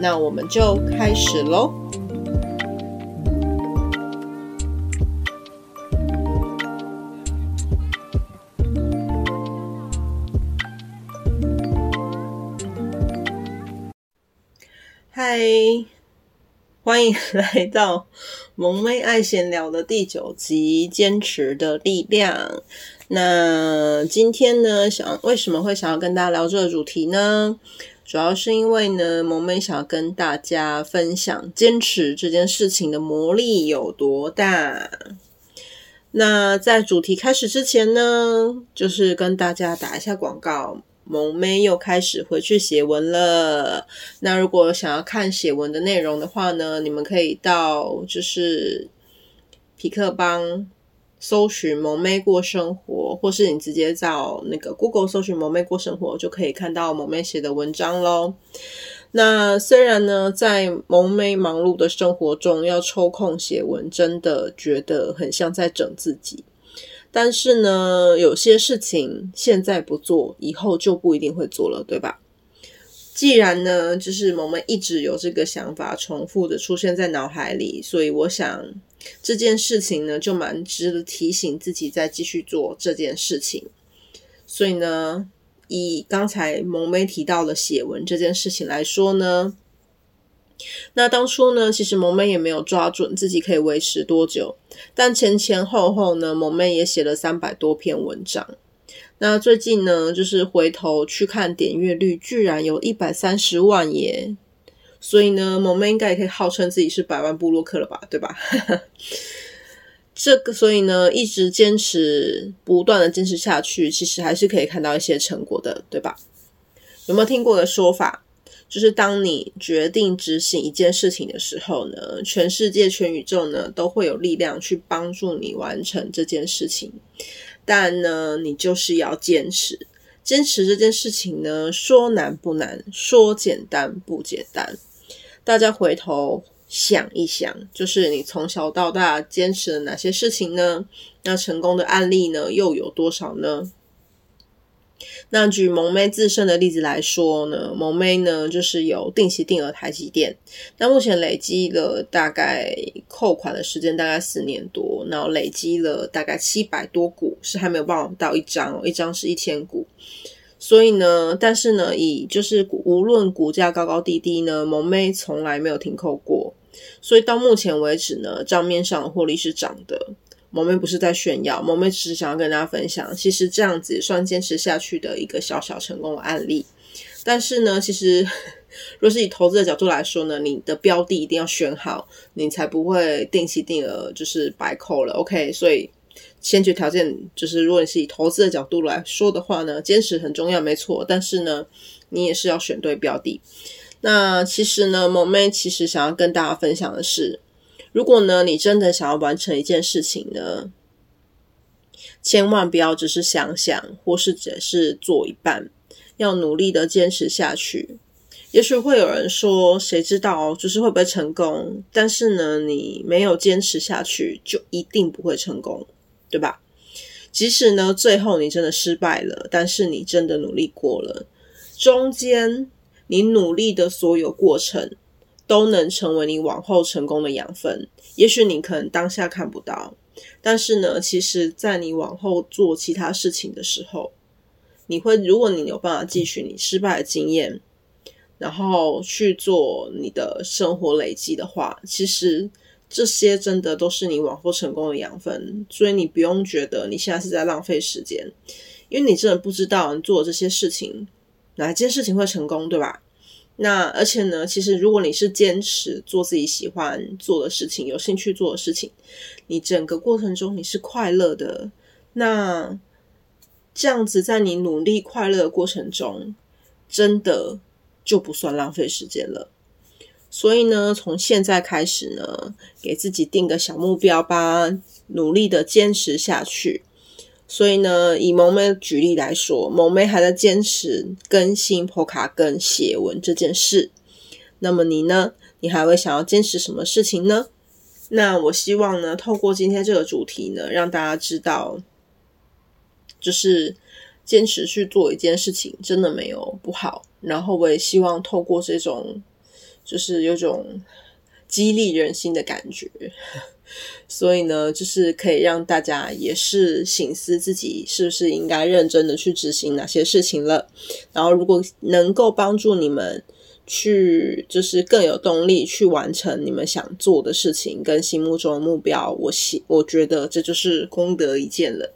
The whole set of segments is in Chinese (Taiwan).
那我們就開始咯！嗨，歡迎來到萌咩愛閒聊的第九集《堅持的力量》。那今天呢，想，為什麼會想要跟大家聊這個主題呢？主要是因為呢，萌咩想要跟大家分享堅持這件事情的魔力有多大。那在主題開始之前呢，就是跟大家打一下廣告，萌咩又開始回去寫文了。那如果想要看寫文的內容的話呢，你們可以到就是痞客邦。搜尋萌咩過生活，或是你直接找那個 Google 搜尋萌咩過生活，就可以看到萌咩寫的文章咯。那雖然呢，在萌咩忙碌的生活中要抽空寫文，真的覺得很像在整自己。但是呢，有些事情現在不做，以後就不一定會做了，對吧？既然呢，就是萌咩一直有這個想法，重複的出現在腦海裡，所以我想這件事情呢，就蠻值得提醒自己再繼續做這件事情。所以呢，以剛才萌咩提到的寫文這件事情來說呢，那當初呢，其實萌咩也沒有抓準自己可以維持多久，但前前後後呢，萌咩也寫了三百多篇文章。那最近呢，就是回頭去看點閱率，居然有一百三十萬耶！所以呢，萌咩應該也可以號稱自己是百萬部落客了吧，對吧？ 這個，所以呢，一直堅持，不斷的堅持下去，其實還是可以看到一些成果的，對吧？有沒有聽過的說法，就是當你決定執行一件事情的時候呢，全世界、全宇宙呢，都會有力量去幫助你完成這件事情。但呢，你就是要堅持。堅持這件事情呢，說難不難，說簡單不簡單。大家回頭想一想，就是你從小到大堅持了哪些事情呢？那成功的案例呢，又有多少呢？那舉萌咩自身的例子來說呢，萌咩呢就是有定期定額台積電，那目前累積了大概扣款的時間大概四年多，然後累積了大概七百多股，是還沒有辦法到一張哦，一張是一千股。所以呢，但是呢，以就是無論股價高高低低呢，萌咩從來沒有停扣過，所以到目前為止呢，賬面上的獲利是漲的。萌咩不是在炫耀，萌咩只是想要跟大家分享，其實這樣子也算堅持下去的一個小小成功的案例。但是呢，其實，若是以投資的角度來說呢，你的標的一定要選好，你才不會定期定額就是白扣了。OK，所以先決條件就是，如果你是以投資的角度來說的話呢，堅持很重要，沒錯。但是呢，你也是要選對標的。那其實呢，萌咩其實想要跟大家分享的是。如果呢，你真的想要完成一件事情呢，千萬不要只是想想，或是只是做一半，要努力的堅持下去。也許會有人說，誰知道、哦，就是會不會成功？但是呢，你沒有堅持下去，就一定不會成功，對吧？即使呢，最後你真的失敗了，但是你真的努力過了，中間你努力的所有過程。都能成為你往後成功的養分。也許你可能當下看不到，但是呢，其實，在你往後做其他事情的時候，你會，如果你有辦法汲取你失敗的經驗，然後去做你的生活累積的話，其實這些真的都是你往後成功的養分。所以你不用覺得你現在是在浪費時間，因為你真的不知道你做這些事情哪件事情會成功，對吧？那而且呢，其實如果你是堅持做自己喜歡做的事情、有興趣做的事情，你整個過程中你是快樂的。那這樣子在你努力快樂的過程中，真的就不算浪費時間了。所以呢，從現在開始呢，給自己定個小目標吧，努力的堅持下去。所以呢，以萌咩的舉例來說，萌咩還在堅持更新普卡跟寫文這件事。那麼你呢？你還會想要堅持什麼事情呢？那我希望呢，透過今天這個主題呢，讓大家知道，就是堅持去做一件事情，真的沒有不好。然後我也希望透過這種，就是有種。激勵人心的感覺， 所以呢，就是可以讓大家也是省思自己是不是應該認真的去執行哪些事情了。然後，如果能夠幫助你們去，就是更有動力去完成你們想做的事情跟心目中的目標，我希我覺得這就是功德一件了。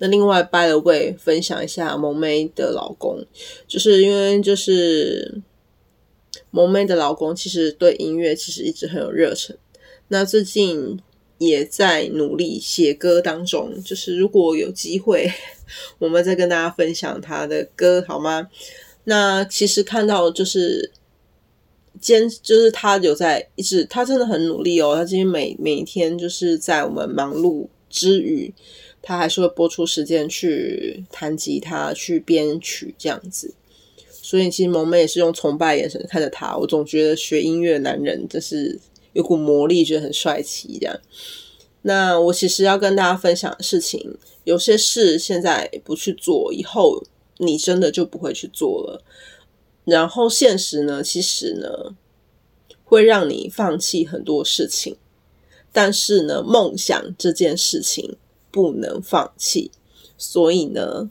那另外，by the way，分享一下萌咩的老公，就是因為就是。萌咩的老公其實對音樂其實一直很有熱忱，那最近也在努力寫歌當中，就是如果有機會，我們再跟大家分享他的歌好嗎？那其實看到就是堅，就是他有在一直，他真的很努力哦。他今天每每一天就是在我們忙碌之餘，他還是會撥出時間去彈吉他、去編曲這樣子。所以，其實萌咩也是用崇拜眼神看着他。我總覺得學音樂的男人就是有股魔力，覺得很帥氣。這樣，那我其實要跟大家分享的事情，有些事現在不去做，以後你真的就不會去做了。然後，現實呢，其實呢，會讓你放棄很多事情，但是呢，夢想這件事情不能放棄。所以呢。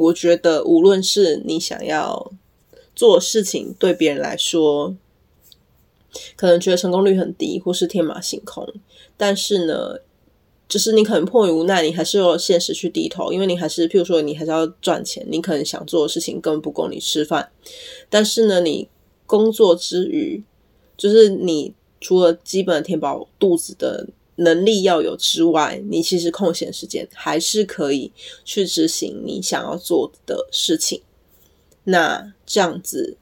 我覺得，無論是你想要做事情，對別人來說，可能覺得成功率很低，或是天馬行空。但是呢，就是你可能迫於無奈，你還是要現實去低頭，因為你還是，譬如說，你還是要賺錢。你可能想做的事情根本不夠你吃飯。但是呢，你工作之餘，就是你除了基本的填飽肚子的。能力要有之外，你其實空閒時間還是可以去執行你想要做的事情。那這樣子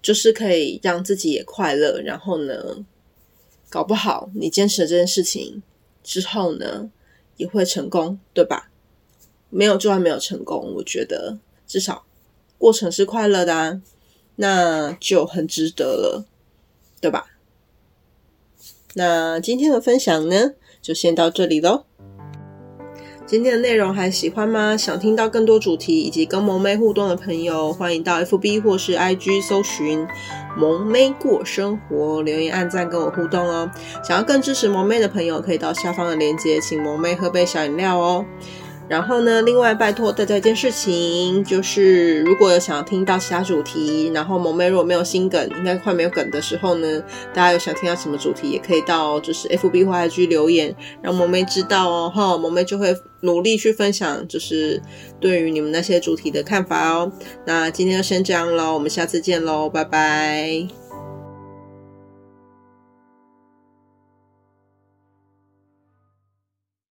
就是可以讓自己也快樂。然後呢，搞不好你堅持了這件事情之後呢，也會成功，對吧？沒有做完沒有成功，我覺得至少過程是快樂的，啊，那就很值得了，對吧？那今天的分享呢，就先到這裡嘍。今天的內容還喜歡嗎？想聽到更多主題以及跟萌咩互動的朋友，歡迎到 FB 或是 IG 搜尋“萌咩過生活”，留言、按讚跟我互動哦。想要更支持萌咩的朋友，可以到下方的鏈接，請萌咩喝杯小飲料哦。然後呢，另外拜託大家一件事情，就是如果有想要聽到其他主題，然後萌咩如果沒有新梗，應該快沒有梗的時候呢，大家有想聽到什麼主題，也可以到就是 F B 或 I G 留言，讓萌咩知道哦，齁，萌咩就會努力去分享，就是對於你們那些主題的看法哦。那今天就先這樣嘍，我們下次見嘍，拜拜。